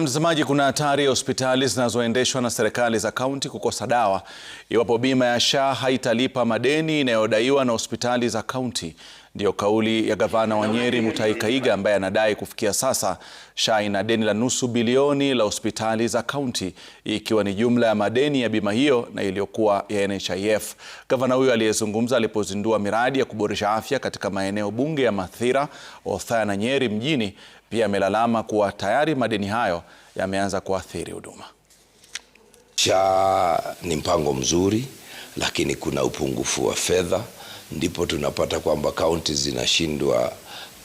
Mtazamaji, kuna hatari ya hospitali zinazoendeshwa na serikali za kaunti kukosa dawa iwapo bima ya SHA haitalipa madeni inayodaiwa na hospitali za kaunti. Ndiyo kauli ya gavana wa Nyeri Mutahi Kahiga ambaye anadai kufikia sasa SHA ina deni la nusu bilioni la hospitali za kaunti ikiwa ni jumla ya madeni ya bima hiyo na iliyokuwa ya NHIF. Gavana huyo aliyezungumza alipozindua miradi ya kuboresha afya katika maeneo bunge ya Mathira, Othaya na Nyeri mjini pia amelalama kuwa tayari madeni hayo yameanza kuathiri huduma. SHA ni mpango mzuri, lakini kuna upungufu wa fedha ndipo tunapata kwamba kaunti zinashindwa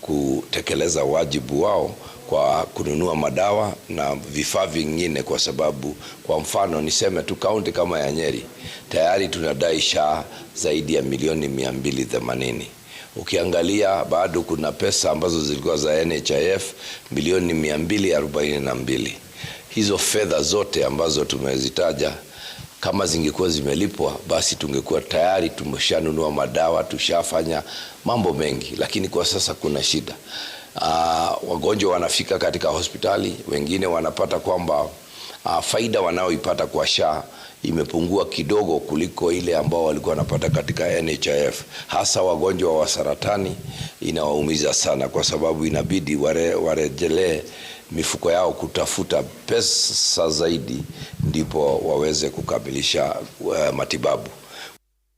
kutekeleza wajibu wao kwa kununua madawa na vifaa vingine, kwa sababu kwa mfano niseme tu kaunti kama ya Nyeri tayari tunadai shaa zaidi ya milioni mia themanini. Ukiangalia bado kuna pesa ambazo zilikuwa za NHIF milioni 242. Hizo fedha zote ambazo tumezitaja kama zingekuwa zimelipwa, basi tungekuwa tayari tumeshanunua madawa, tushafanya mambo mengi, lakini kwa sasa kuna shida. Uh, wagonjwa wanafika katika hospitali, wengine wanapata kwamba uh, faida wanaoipata kwa SHA imepungua kidogo kuliko ile ambao walikuwa wanapata katika NHIF. Hasa wagonjwa wa saratani inawaumiza sana, kwa sababu inabidi warejelee ware mifuko yao kutafuta pesa zaidi ndipo waweze kukamilisha uh, matibabu.